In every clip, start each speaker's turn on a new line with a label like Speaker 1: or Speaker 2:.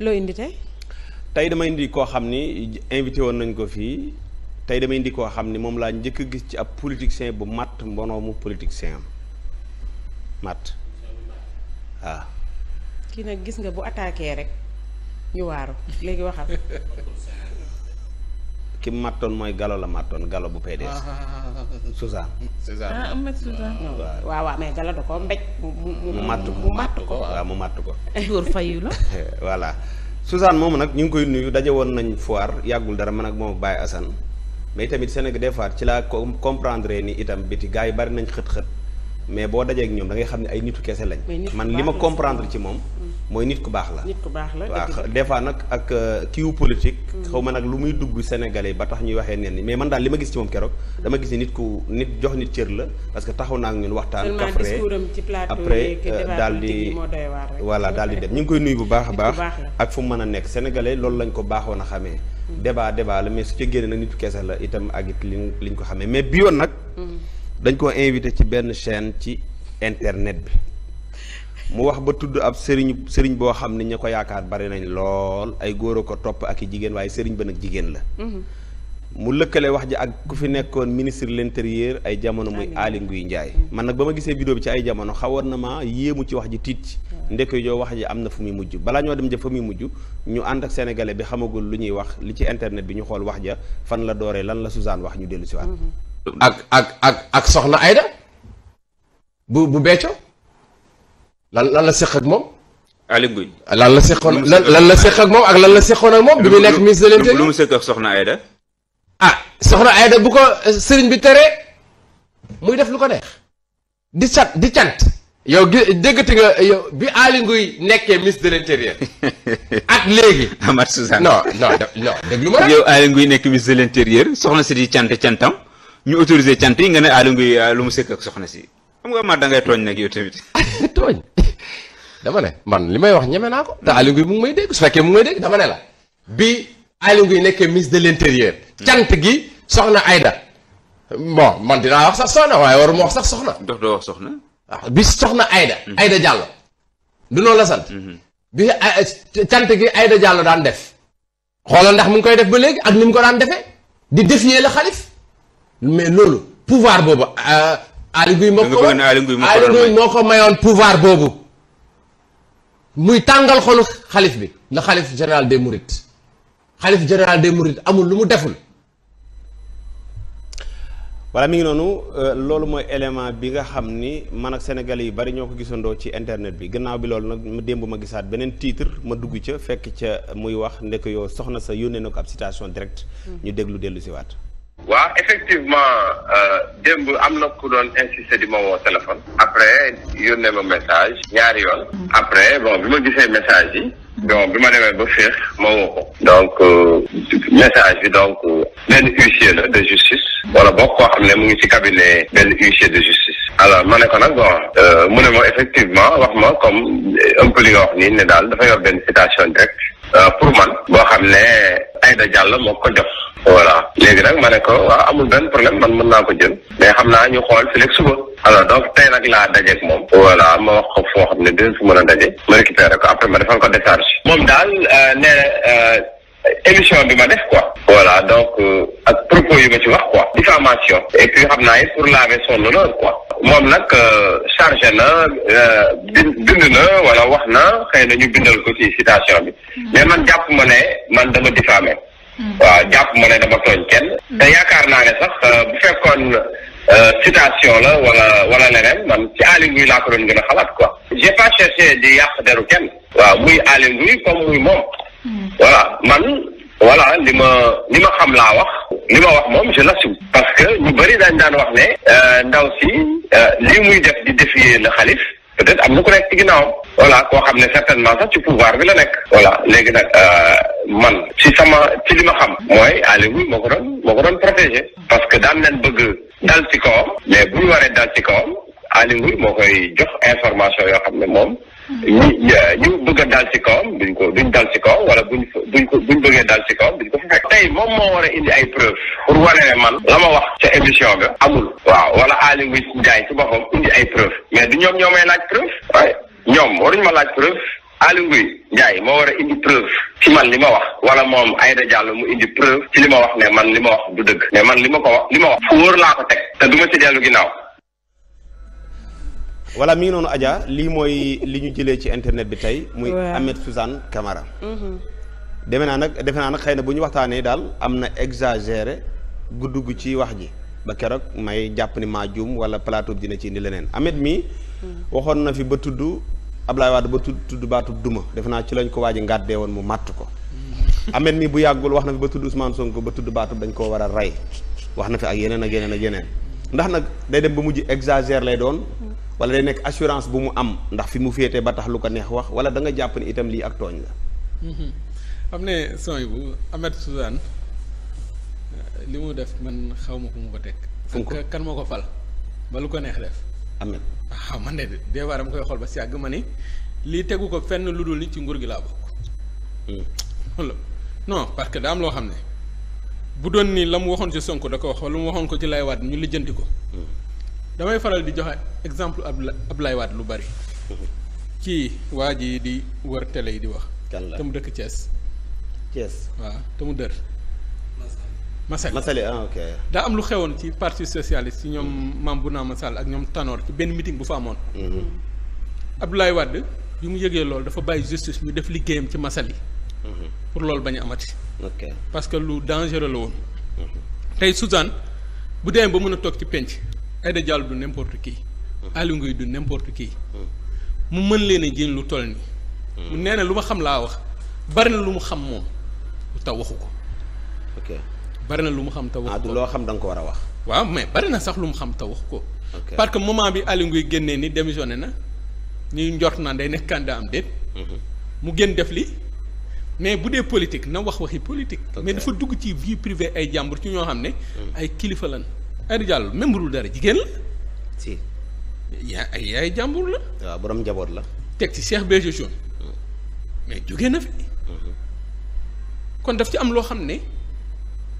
Speaker 1: loo indi tey.
Speaker 2: tey dama indi koo xam ni invité woon nañ ko fii tey dama indi koo xam ni moom laa njëkk a gis ci ab politicien bu matt mbonoomu politicien am matt waaw.
Speaker 1: kii nag gis nga bu attakee rek ñu waaru léegi waxal.
Speaker 2: ki mattoon mooy galo la mattoon galo bu PDS. Ah, ah, ah, Suzanne. Suzanne ah
Speaker 1: Ahmed Suzanne. waaw waaw mais galo da ko mbéj. mu mu matt ko mu matt ko
Speaker 2: waaw mu matt ko.
Speaker 3: dóor fayu la.
Speaker 2: voilà Suzanne moom nag ñu ngi koy nuyu daje woon nañ foire yàggul dara man ak moom Baye Assane mais tamit Sénégal des fois ci laa comprendre ni itam biti gars yi bari nañ xët-xët mais boo dajee ñoom da ngay xam ne ay nitu kese lañ. man li ma comprendre ci moom. mooy nit ku baax la.
Speaker 4: nit ku baax la waaw
Speaker 2: des fois nag ak euh, kiiwu politique. Mm. xaw ma nag lu muy dugg Sénégalais ba tax ñuy waxee neen ni mais man daal li ma gis ci moom keroog. dama gis ni nit ku nit jox nit cër la parce que taxaw naa ak ñun waxtaan. kafre
Speaker 1: après euh, daal di voilà daal di dem ñu ngi koy nuyu
Speaker 2: bu baax a baax. ak fu mu mën a nekk Sénégalais loolu lañ ko baaxoon a xamee. Mm. débat débat la mais su ci génne nag nit ku la itam ak it li liñ ko xamee mais bii yoon nag. Mm. dañ koo invité ci benn chaîne ci internet bi. mu wax ba tudd ab sëriñ sëriñ boo xam ne ña ko yaakaar bari nañ lool ay góor ko topp ak jigéen waaye sëriñ ba nag jigéen la. Mhm. mu lëkkale wax ji ak ku fi nekkoon ministre l' intérieur ay jamono muy Aly Ngouille Ndiaye. man nag ba ma gisee bido bi ci ay jamono xawoon na ma yéemu ci wax ji tiit ci. ndeke joo wax ji am na fu muy mujj balaa ñoo dem ja fa muy mujj ñu ànd ak sénégalais bi xamagul lu ñuy wax li ci internet bi ñu xool wax ja fan la dooree lan la Suzanne wax ñu dellu si waat. Mhm.
Speaker 5: ak ak ak ak soxna Aida lan lan la seq ak moom.
Speaker 2: Aly Ngouille. lan la seqoon lan la seq ak moom ak lan la
Speaker 5: seqoon ak moom. bi muy nekk ministre de l'intérieur
Speaker 2: lu mu seq ak Soxna Aida.
Speaker 5: ah Soxna Aida bu ko euh, sëriñ bi tere muy def lu ko neex. di cat di cant. yow gi déggati nga yow bi Aly Ngouille nekkee ministre de l'intérieur
Speaker 2: ak léegi. Amath Suzanne non non non déglu ma. yow Aly Ngouille nekk ministre de l'intérieur soxna si di cant cantam ñu autorisé cant yi nga ne Aly Ngouille euh, lu mu seq ak soxna si xam nga Amath ngay tooñ nag tooñ. dama ne man
Speaker 5: li may wax ñeme naa ko. te Aliou Ngouye mu ngi may dégg su fekkee mu ngi may dégg dama ne la. bi Aliou Ngouye nekkee ministre de l'intérieur. cant gi soxna Aida. bon man dinaa wax sax soxna waaye waruma wax sax soxna. doo wax soxna. waaw ah, bi soxna Aida. Mhm. Aida Diallo. du noonu la sant. Mhm. bi ah, ah, cant gi ayda Diallo daan def. xoolal ndax mu ngi koy def ba léegi ak ni mu ko daan defee. di défier la xalif. mais loolu pouvoir boobu Aliou Ngouye moo ko. Aliou Ngouye moo ko mayoon pouvoir boobu. muy tàngal xolu xalif bi la xalif général des Mourides xalif général des Mourides amul lu mu deful.
Speaker 2: voilà mi ngi noonu euh, loolu mooy élément bi nga xam ni man ak Sénégalais yu bari ñoo ko gisandoo ci internet bi gannaaw bi loolu nag ma démb ma gisaat beneen titre ma dugg ca fekk ca muy wax ndek yow soxna sa yónnee na ko ab citation direct mm. ñu déglu dellu si
Speaker 6: waaw effectivement euh, démb am na ku doon insisté di ma téléphone. après yónnee ma message ñaari yoon. après bon bi ma gisee message yi. donc bi ma demee ba féex ma woo donc euh, message bi donc euh, benn huissier la de justice. wala boo koo xam ne mu ngi ci cabinet benn huissier de justice. alors ma ne ko nag bon mu ne ma effectivement wax ma comme un peu li nga wax nii ne daal dafa yor benn citation Euh, pour man boo xam ne Aïda Diallo moo ko jox voilà léegi nag ma ne ko amul benn problème man mën naa ko jël mais xam naa ñu xool fi léegi suba alors donc tey nag laa dajeeg moom voilà ma wax ko foo xam ne dinañ fi mën a daje ma récupéré ko après ma defal ko décharge moom daal euh, nee euh, émission bi ma def quoi. voilà donc ak propos yu ma ci wax quoi diffamation et puis xam naa it pour laver son lool quoi. moom nag euh, chargé na euh, bind na wala wax na xëy na ñu bindal ko ci citation bi hmm. mais man jàpp ma ne man dama diffamé hmm. waaw jàpp ma ne dama tooñ kenn hmm. te yaakaar naa ne sax euh, bu fekkoon citation la wala wala leneen man ci Aly Ngouille laa ko doon gën a xalaat quoi j'ai pas di yàq deru kenn waaw muy Aly Ngouille comme muy moom voilà man voilà li ma li ma xam laa wax li ma wax moom je l'assume parce que ñu bëri dañ daan wax ne euh, ndaw si euh, li muy def di défier le xalif peut am na ko nekk ci ginnaawam voilà koo xam ne certainement sax ci pouvoir bi la nekk voilà léegi nag euh, man ci sama ci li ma xam mooy Aliou moo ko doon moo ko doon protégé parce que daan leen bëgg dal ci kawam mais bu ñu waree dal ci kawam Aliou moo koy jox information yoo xam ne moom ñi ñu bëgg a daal ci kawam duñ ko duñ daal ci kawam wala buñ buñ ko buñ bëggee daal ci kawam duñ ko fa fekk. tey moom moo war a indi ay preuve pour wane ne man la ma wax ca émission bi amul. waaw wala Aliou Ndiaye ci boppam indi ay preuve mais du ñoom ñoo may laaj preuve waaye ñoom waruñ ma laaj preuve. Aliou Ndiaye moo war a indi preuve ci man li ma wax wala moom Aïda Diallo mu indi preuve ci li ma wax ne man li ma wax du dëgg mais man li ma ko wax li ma wax fu wóor laa ko teg te du ma ci ginnaaw.
Speaker 2: voilà mi ngi noonu Adja lii mooy li ñu jëlee ci internet bi tey. muy Ahmed Suzanne Camara. Mm-hmm. defe naa nag defe naa nag xëy na bu ñu waxtaanee daal am na exagéré guddug ci wax ji ba keroog may jàpp ni maa juum wala plateau dina ci indi leneen Ahmed mii mm. waxoon na fi ba tudd Ablaye Wade ba tudd tudd baatub duma defe naa ci lañ ko waaj a ngàddee woon mu màtt ko. Mm-hmm. Ahmed mi bu yàggul wax na fi ba tudd Ousmane Sonko ba tudd baatub dañ koo war rey wax na fi ak yeneen ak yeneen ak yeneen ndax nag day ba mujj exagère lay doon. Mm. wala day nekk assurance bu mu am ndax fi mu féete ba tax lu ko neex wax wala da nga jàpp ne itam lii ak tooñ la.
Speaker 7: Mm-hmm. xam ne sooy bu amet Suzanne li mu def man xaw ma fu mu ko teg. fu ko kan moo ko fal ba lu ko neex def. Ahmed waaw ah, man de des fois mu koy xool ba si àgg ma ni lii tegu ko fenn lu dul ni ci nguur gi laa bokk. Mm. wala non parce que daa am loo xam ne bu doon nii la mu waxoon ci sonk da ko wax wala mu waxoon ko ci lay waat ñu lijjanti ko. Mm. damay faral di joxe exemple ab Abdoulaye Wade lu bari. ci waa ji di wër télé yi di wax. kan la te mu dëkk cees Thiès waa te mu dër.
Speaker 2: Massaly Massaly ah
Speaker 7: daa am lu xewoon ci partie socialiste ci ñoom mm-hmm. bu naa ma Sall ak ñoom Tanor ci benn meeting bu fa amoon.
Speaker 6: Mm-hmm. Mm-hmm.
Speaker 7: Abdoulaye wadd yu mu yëgee loolu dafa bàyyi justice ñu def liggéeyam ci Massaly. pour loolu bañ amati. ok parce que lu dangereux la woon. tey Suzanne bu demee ba mën a toog ci penc. Aïda Diallo du n'importe qui hmm. Aliou Ngouye du n'importe kii hmm. mu mën leen a jiiñ lu toll nii. Hmm. mu nee na lu ma xam laa wax bari na lu mu xam moom te waxu ko. ok bari na lu mu xam taw waxu ah, ko. loo xam da nga ko war a wax. waaw mais bari sax lu mu xam te waxu ko. parce que moment bi Aliou yi génnee ni démissionné na ñuy njort naan day nekk candidat am déet. mu génn def li mais bu dee politique na wax waxi politique. mais dafa dugg ci vie privée ay jàmbur ci ñoo xam ne. ay kilifa lan Aida Diallo même budul dara jigéen la. si. yaa yaay jàmbur la. waaw borom njaboot la. teg ci Cheikh Béthio Thioune hmm. mais jóge na fi. Hmm. kon daf ci am loo xam ne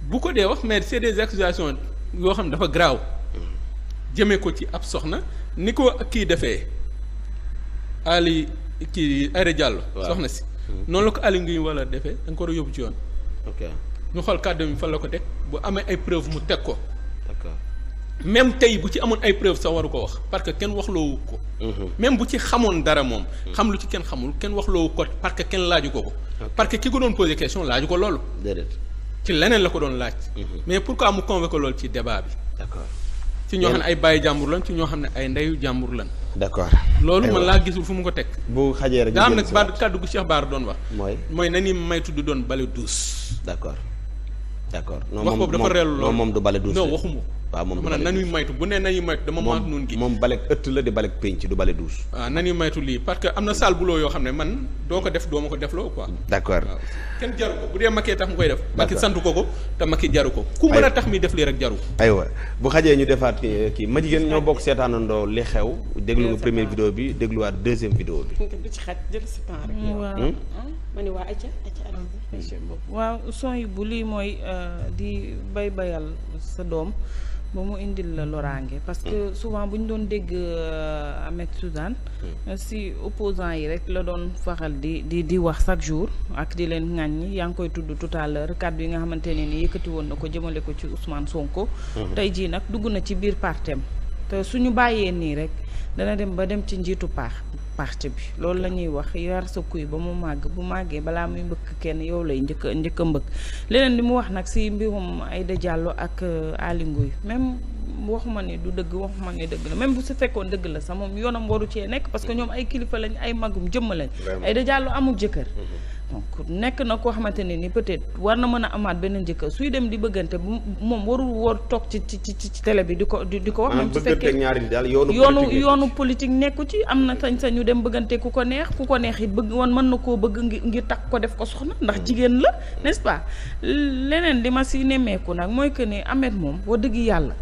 Speaker 7: bu ko dee wax mais c'est des accusations yoo xam ne dafa graaw hmm. jëmee ko ci ab soxna ni ko kii defee Ali kii Aida Diallo. soxna si. noonu la ko Ali ngi wala defe da ko war a yóbbu ci yoon. ok ñu xool kàddu yi fan la ko teg bu amee ay preuve mu teg ko. d'accord même tey bu ci amoon ay preuve sa waru ko wax parce que kenn waxloowu ko. Mhm. même bu ci xamoon dara moom. Mhm. xam lu ci kenn xamul kenn waxloowu ko parce que kenn laaju ko ko. parce que ki ko doon poser question laaju ko loolu. déedéet ci leneen la ko doon laaj. Mhm. mais pourquoi mu convoqué loolu ci débat bi. d'accord ci ñoo xam ne ay bàyyi jàmbur lan ci ñoo xam ne ay ndeyu jàmbur lan.
Speaker 2: d'accord loolu man laa gisul fu mu ko teg. bu xajee rek am nag baat
Speaker 7: kàddu gu Cheikh Baar doon wax. mooy mooy na ni may tudd doon bale douce. d'accord. d' accord non moom moom du bale douze heures non
Speaker 2: waaw moom du nañuy maytu bu nee nañuy maytu dama maak noonu gi moom balek ëtt la di balek pénc du bale douze
Speaker 7: waaw ah, nañuy maytu lii parce que am na saal buloo yoo xam ne man doo ko def doo ma ko def loo quoi d'accord kenn jaru ko bu dee Macky tax mu koy def Macky sant ko ko te Macky jaru ko
Speaker 2: ku mën a tax mi def lii rek jaru aywa bu xajee ñu defaat kii ma jigéen ñoo bokk seetaanandoo li xew déglu nga première vidéo bi dégluwaat deuxième vidéo bi
Speaker 3: waaw son bu lii mooy euh, di bay bayal sa doom ba mu indil la loraange parce que hmm. souvent bu ñu doon dégg euh, Ahmed Suzanne hmm. si opposant yi rek la doon faral di di di wax chaque jour ak di leen ŋàññi yaa ngi koy tudd tout à yi nga xamante ne ni yëkkati woon na ko jëmale ko ci Ousmane Sonko. Hmm. tey jii nag dugg na ci biir partem te suñu bàyyee nii rek dana dem ba dem ci njiitu paax parti bi loolu la ñuy wax yar sa kuy ba mu màgg bu màggee balaa muy mbëkk kenn yow lay njëkk a njëkk a mbëkk leneen li mu wax nag si mbirum ay Diallo ak euh, Aly Ngouille même waxuma ni du dëgg waxuma ni dëgg la même bu su fekkoon dëgg la sax moom yoonam waru cee nekk parce que ñoom ay kilifa lañu ay magum jëmm lañ Aïda Diallo amul jëkkër mm-hmm. donc nekk na koo xamante ne ni peut-être war na mën a amaat benn njëkk suy dem di bëggante bu moom warul war toog ci ci ci ci télé bi di ko di ko wax. même su fekkee
Speaker 2: yoonu yoonu
Speaker 3: politique nekku ci am na sañ-sañu dem bëggante ku ko neex ku ko neex yi bëgg woon mën na koo bëgg ngi ngir takk ko def ko soxna ndax hmm. jigéen la n'est-ce pas leneen li ma si nemmeeku nag mooy que ni Ameth moom wax dëgg yàlla.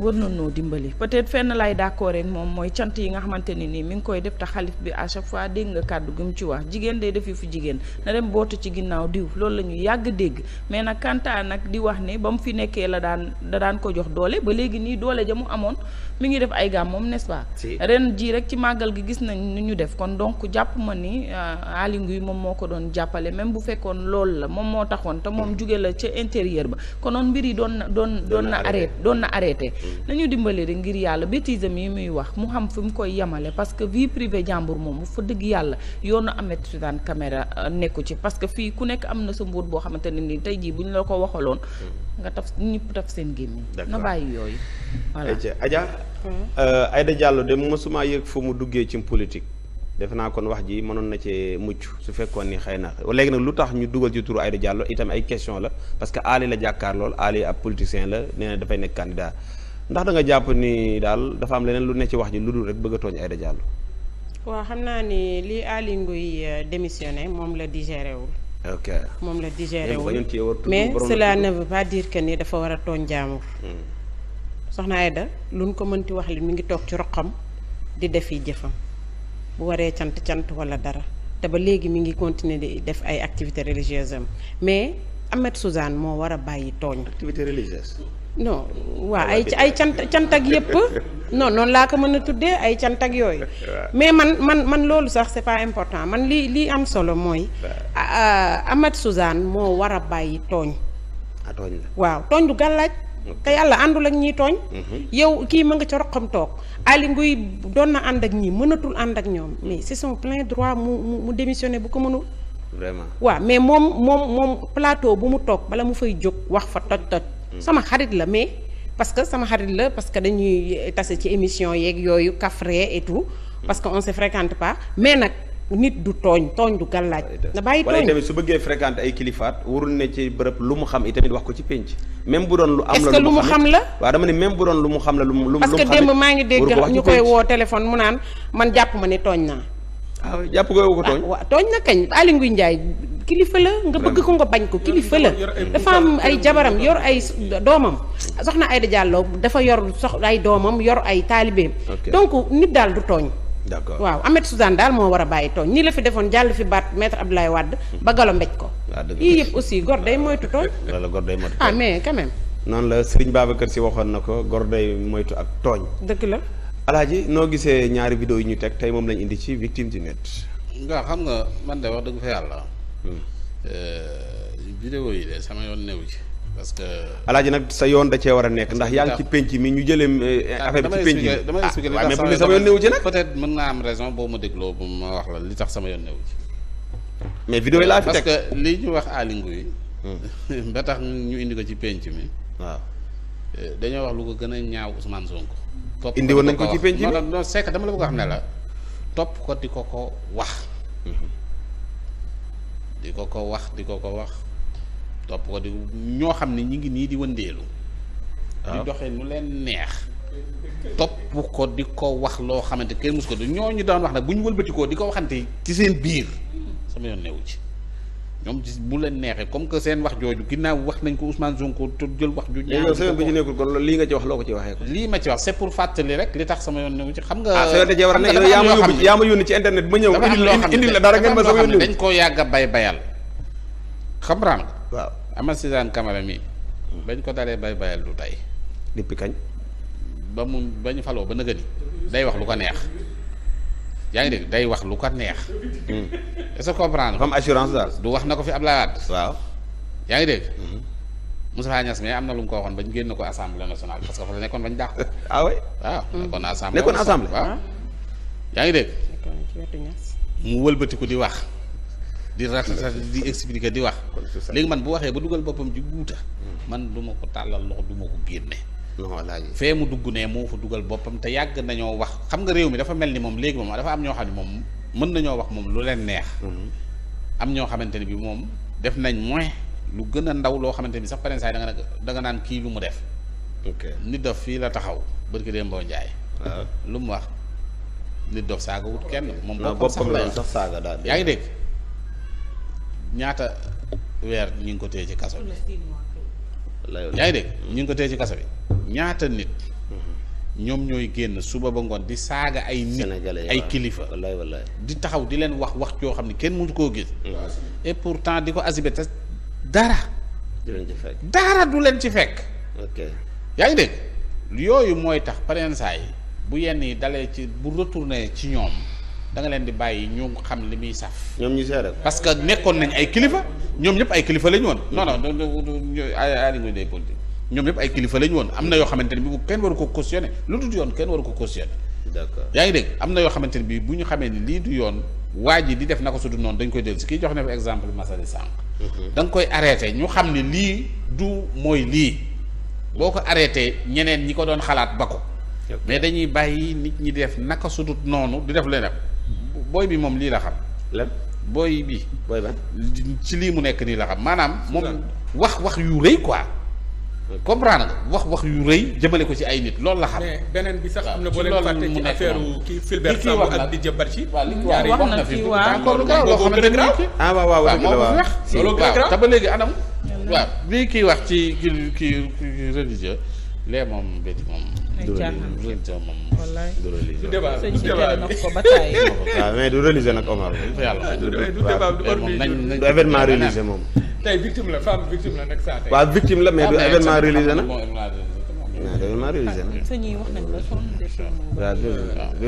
Speaker 3: war nañoo dimbali peut-être fenn lay d'accord ak moom mooy cant yi nga xamante ne nii mi ngi koy def te xalif bi à chaque fois dégg nga kàddu gi mu ci wax jigéen day def fu jigéen na ginnaaw diw loolu la ñu yàgg dégg mais nag kantaa nag di ne ba mu fi nekkee la daan da daan ko jox doole ba léegi nii doole ja mu amoon mi ngi def ay gàmmoom moom ce pas. ren jii rek ci màggal gi gis nañ ni ñu def kon donc jàpp ma ni euh, Aly yi moom moo ko doon jàppale même bu fekkoon loolu la moom moo taxoon te moom jóge la ca intérieur ba konoon mbir yi doon na doon doon na arrêté doon na arrêté nañu dimbalee rek ngir yàlla bêtise yi muy wax mu xam fi mu koy yemale parce que vie privée jàmbur moomu fa dëgg yàlla yoonu Ahmed Suzanne Camara euh, nekku ci parce que fii ku nekk am na sa mbuut boo xamante ne nii tey jii bu ñu la ko waxaloon hmm. nga taf ñëpp taf seen gémmiñ na bàyyi yooyu
Speaker 2: voilà Adja hmm. euh, Aïda Diallo de mosuma yëg fu mu duggee ci politique defe naa kon wax ji mënoon na cee mucc su fekkoon ni xëy na léegi nag lu tax ñu dugal ci turu Aïda Diallo itam ay question la parce que Ali la jàkkaar lool Ali ab politicien la nee na dafay nekk candidat ndax da nga jàpp ni daal dafa am leneen lu ne ci wax ji lu dul rek bëgg a tooñ Aïda Diallo
Speaker 1: waaw xam naa ni li Aly Ngouille euh, démissionné moom la digéré wul moom la digéré wul mais cela ne veut pas dire que nii dafa war a tooñ jaamur hmm. soxna Aïda luñ ko mënti wax li mi ngi toog ci roqam di def yi jëfam bu waree cant cant wala dara te ba léegi mi ngi continuer di def ay activités religieuses am mais Ahmed Suzanne moo war a bàyyi tooñ activité religieuse non waaw ay ay cant cant ak yëpp noonu laa ko mën a tuddee ay cant yooyu mais man man man loolu sax c'est pas important man lii lii am solo mooy Amath Suzanne moo war a bàyyi tooñ ah, a waaw tooñ du gàllaaj te yàlla àndul ak ñii tooñ mhm. yow kii ma nga ca roqam toog Ali doon na ànd ak ñi mënatul ànd ak ñoom mais c'est son plein droit mu mu démissionner bu ko mënul vraiment waaw mais moom moom moom plateau bu mu toog bala mu fay jóg wax fa toj toj sama xarit la mais parce que sama xarit la parce que dañuy tase ci émission yeeg yooyu kafre et tout parce que on se fréquente pas mais nag nit du tooñ tooñ du gàllaaj na bàyyi tooñ su
Speaker 2: bëggee fréquente ay kilifaat warul ne ci bërëb lu mu xam itamit wax ko ci pénc même bu doon lu am la lu mu xam la waaw dama ne même bu doon lu mu xam la lu mu lu mu parce que démb maa ngi dégg ñu koy woo
Speaker 1: téléphone mu naan man jàpp ma ne tooñ naa ah jàpp ko ko tooñ ah, tooñ na kañ Aly Ngouille Ndiaye kilifa la nga bëgg ko nga bañ ko kilifa la dafa am ay jabaram yor ay doomam soxna Aïda Diallo dafa yor sox ay doomam yor ay taalibeem donc nit daal du tooñ d'accord waaw Ahmed Suzanne daal moo war a bàyyi tooñ nii la fi defoon jàll fi baat maître Abdoulaye Wade ba galo mbéj ko ah, yii yëpp aussi gor day moytu tooñ
Speaker 2: wala gor day moytu ah mais quand noonu la Serigne Babacar Sy waxoon na ko gor day ak tooñ dëkk la alaaji noo gisee ñaari vidéo yi ñu teg tey moom lañ indi ci victime du net
Speaker 4: nga xam nga man de wax dëgg fa yàlla Hmm. Euh, vidéo yi de sama yoon newu ci parce que.
Speaker 2: alaaji nag sa yoon da cee war a nekk ndax yaa ngi ci penc mi ñu jëlee. Euh, ah, affaire bi ci penc mi ah damay expliqué damay expliqué
Speaker 4: sama raison boo ma dégloo bu ma li tax sama yoon newu ci. mais vidéo yi laa fi teg parce que li ñu wax aalingu yi. Hmm. ba tax ñu indi ko ci penc mi. waaw euh, dañoo wax lu ko gën a ñaaw Ousmane Sonko. topp indi woon nañ ko ci penc mi non non dama la bëgg a xam ne la topp ko di ko ko wax. Hmm. di ko ko wax di ko ko wax topp ko di ñoo xam ne ñu ngi nii di wëndeelu di ah. doxee nu leen neex topp ko di ko wax loo xamante kenn mus ko ñoo ñu daan wax nag bu ñu wëlbatikoo di ko waxante ci seen biir sama yoon newu ci ñoom bu leen neexee comme que seen wax jooju ginnaaw wax nañ ko Ousmane Sonko te jël wax ju ñaaw semaine bi ci
Speaker 2: nekkul kon lii nga ci wax loo ko ci waxee ko
Speaker 4: lii ma ci wax c'est pour fàttali rek li tax sama yoon ne ci xam nga ah sa yoon da cee a ne yow yaa ma yóbbu yaa ma
Speaker 2: yónni ci internet ma ñëw indi la dara ngeen ma sama yónni dañ
Speaker 4: koo yàgg bay bayal
Speaker 2: xam ran waaw
Speaker 4: ama Suzanne Camara mi bañ ko daree bay bayal du tey depuis kañ ba mu bañ faloo ba nëgëni day wax lu ko neex yaa ngi dégg day wax lu ko neex. Hmm. est-ce que comme assurance daal. du wax na ko fi Abdoulaye Wade. waaw yaa ngi dégg. Hmm. Moustapha Niass am na lu mu ko waxoon ba ñu génn ko assemblée nationale parce que la nekkoon ba ñu dàq ko. ah oui waaw nekkoon hmm. ah. yaa ngi dégg. mu wëlbatiku di wax. di raxas di expliquer di wax. léegi man bu waxee ba dugal boppam ji guuta man du ma ko tàllal loxo du ma ko génne. non fee mu dugg ne moo fa dugal boppam te yàgg nañoo wax xam nga réew mi dafa mel ni moom léegi moom dafa am ñoo xam ne moom mën nañoo wax moom lu leen neex. Mhm. am ñoo xamante ne bi moom def nañ moins lu gën a ndaw loo xamante ni sax parents yi da nga da nga naan kii lu mu def. ok nit fii la taxaw barki Demba Ndiaye. waaw lu mu wax nit dof saaga wut kenn. moom boppam sax saaga daal yaa ngi dégg ñaata weer ñu ngi ko téye ci kaso bi. yaa ngi dégg ñu ngi ko tey ci kaso bi ñaata nit
Speaker 7: mm-hmm.
Speaker 4: ñoom ñooy génn suba ba ngoon di saaga ay nit ay kilifa wallaay di taxaw di leen wax wax yoo xam ne kenn mënu koo gis mm-hmm. et pourtant di ko asibé te dara dara du leen ci fekk yaa ngi dégg yooyu mooy tax pareen saa bu yenn yi dalee ci bu retourné ci ñoom da nga leen di bàyyi ñu xam li muy saf ñoom ñu seere parce que nekkoon nañ ay kilifa ñoom ñëpp ay kilifa lañu woon. non non du du du ay des politiques ñoom ñëpp ay kilifa lañu woon am na yoo xamante ne bi bu kenn waru ko cautionné lu dul yoon kenn waru ko cautionné. d'accord yaa ngi dégg am na yoo xamante ne bi bu ñu xamee ni lii du yoon waa ji di def naka su dul noonu dañ koy dellu si kii jox na fi exemple Massaly Samb. Mhm. da nga koy arrêté ñu xam ne lii du mooy lii. boo ko arrêté ñeneen ñi ko doon xalaat ba ko. mais dañuy bàyyi nit ñi def naka su dul noonu di def leneen mhm. booy bi moom lii la xam. booy bi booy ba ci lii mu nekk nii la xam maanaam moom wax wax yu rëy quoi comprendre nga wax wax yu rëy jëmale ko ci ay nit loolu la xam. mais beneen bi sax am na boo leen fàtte ci affaire kii Fulbert Sambou ak di jëmbat ci. waaw li wax na fi waaw loolu gën a ah waaw waaw dëgg la waaw loolu gën a ba léegi anam. waaw lii kii wax ci kii kii religieux lee moom béti moom. du religion waaw
Speaker 7: ah, mais
Speaker 2: du religion nag Omar du événement religion moom.
Speaker 7: tey victime la femme
Speaker 2: non da maa révisé na.
Speaker 4: sëñ yi wax ne yërëm
Speaker 2: ma.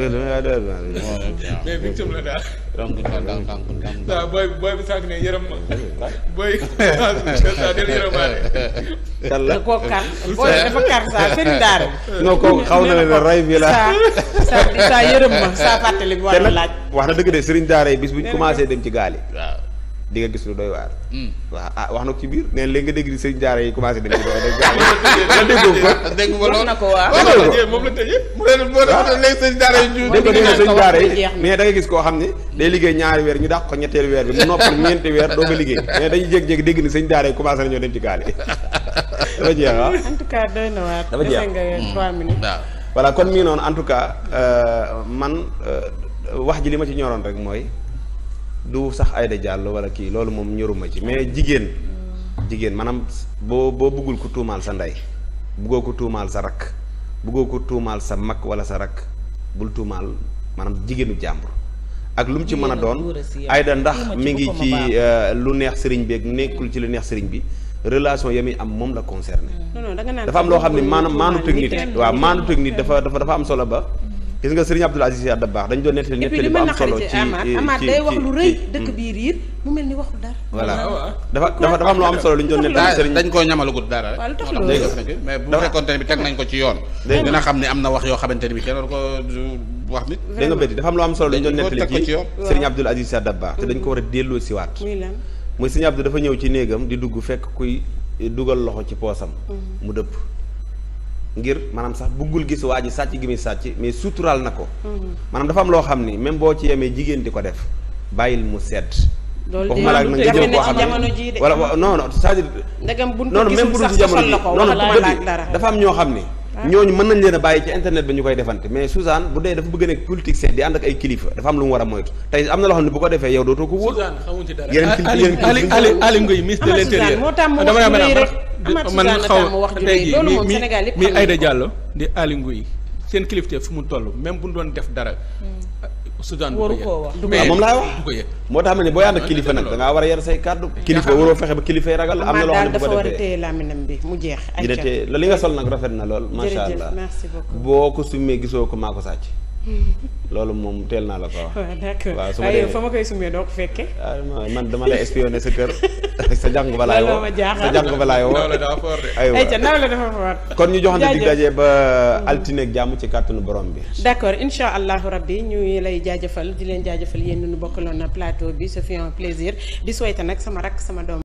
Speaker 2: xaw na la ray bi la. saa yërëm ma saa fàttali bu war a laaj. wax na dëgg de sëriñ daara yi bis buñ commencé dem ci gaal di nga gis lu hmm. ah, wax na ci biir nee na léegi nga dégg ni commencé dem ci doy waar. dégg nga dégg nga wax na ko waaw mais da gis koo xam ne day liggéey ñaari weer ñu dàq ko ñetteelu weer bi mu noppal ñeenti weer doo nga liggéey mais dañuy jékki-jékki dégg ni sëñ jaara yi commencé nañoo dem ci gaal dafa jeex ah. hmm. waaw kon mii noonu en tout cas euh, man euh, wax ji li ma ci ñoroon rek mooy du sax Aïda Diallo wala kii loolu moom ñoruma ci mais jigéen jigéen maanaam boo boo bëggul ko tuumaal sa ndey buggoo ko tuumaal sa rakk buggoo ko tuumaal sa mag wala sa rakk bul tuumaal maanaam jigéenu jàmbur ak lu mu ci mën a doon ayda ndax mi ngi ci euh, lu neex sëriñ bi ak nekkul ci lu neex sëriñ bi relation ya am moom la concerné
Speaker 1: dafa am loo xam ne maanaam maanu technique waaw maanu technique
Speaker 2: dafa dafa dafa am solo ba gis nga Serigne Abdoul Aziz Sy Dabakh dañu doon nettali nettali bu am solo ci Amath lu am lu am solo lu ñu doon nettali Serigne dañ koo ñamalagut dara rek mais bu fekkoon ne ko ci yoon dina xam ne am na wax yoo xamante
Speaker 4: ne bi kenn ko am
Speaker 2: lu am solo lu ñu doon nettali ci Serigne Abdoul Aziz Sy Dabakh te dañ ko war a delloo si waat mooy Serigne Abdou dafa ñëw ci néegam di dugg fekk kuy dugal loxo ci poosam mm-hmm. mu dëpp ngir maanaam sax buggul gis waa ji sàcc gi muy sàcc mais suturaal na ko. Hmm. maanaam dafa am loo xam ni même boo ci yemee jigéen di ko def bàyyil mu seet loolu de yow nga jël koo xam ne wala dafa am ñoo xam ni. Ah. ñooñu mën nañ leen a bàyyi ci internet bi ñu koy defante mais Suzanne bu dee dafa bëgg nekk politique seet di ànd ak ay kilifa dafa am lu mu war a moytu tey am na loo xam ne bu ko defee yow dootoo ko wóor. Suzanne
Speaker 7: xamuñ ci dara yeneen kilifa
Speaker 2: yeneen kilifa man xaw wax tey
Speaker 7: jii mi mi Aïda Diallo di Aly yi seen kilifte fu mu toll même bu ñu doon def dara. Hmm.
Speaker 2: Soudan du ko wax mais ah, moom laa wax moo tax ma ne boo ànd ah, kilifa nag da ngaa war a yar say kàddu. kilifa waroo fexe ba kilifay ragal am na loo dafa war a téye
Speaker 1: làmminam bi mu jeex. ay
Speaker 2: li nga sol nag rafet na lool. macha allah boo ko summee gisoo ko maa ko sàcc loolu moom teel naa la ko wax. waaw d'accord waaw su ma demee fa
Speaker 1: ma koy sumee doo ko fekkee. Ah, man
Speaker 2: dama lay espionné sa sa jàngu balaay woo sa jàngu balaay woo. nawle dafa fort de. aywa ayca nawle
Speaker 1: dafa fort. kon ñu joxante dig daje
Speaker 2: ba altine ak jàmm ci kàttanu borom bi.
Speaker 1: d'accord incha allahu bi ñu lay jaajëfal di leen jaajëfal yéen ñu bokkaloon na plateau bi ce fut un plaisir di souhaiter nag sama rakk sama doom.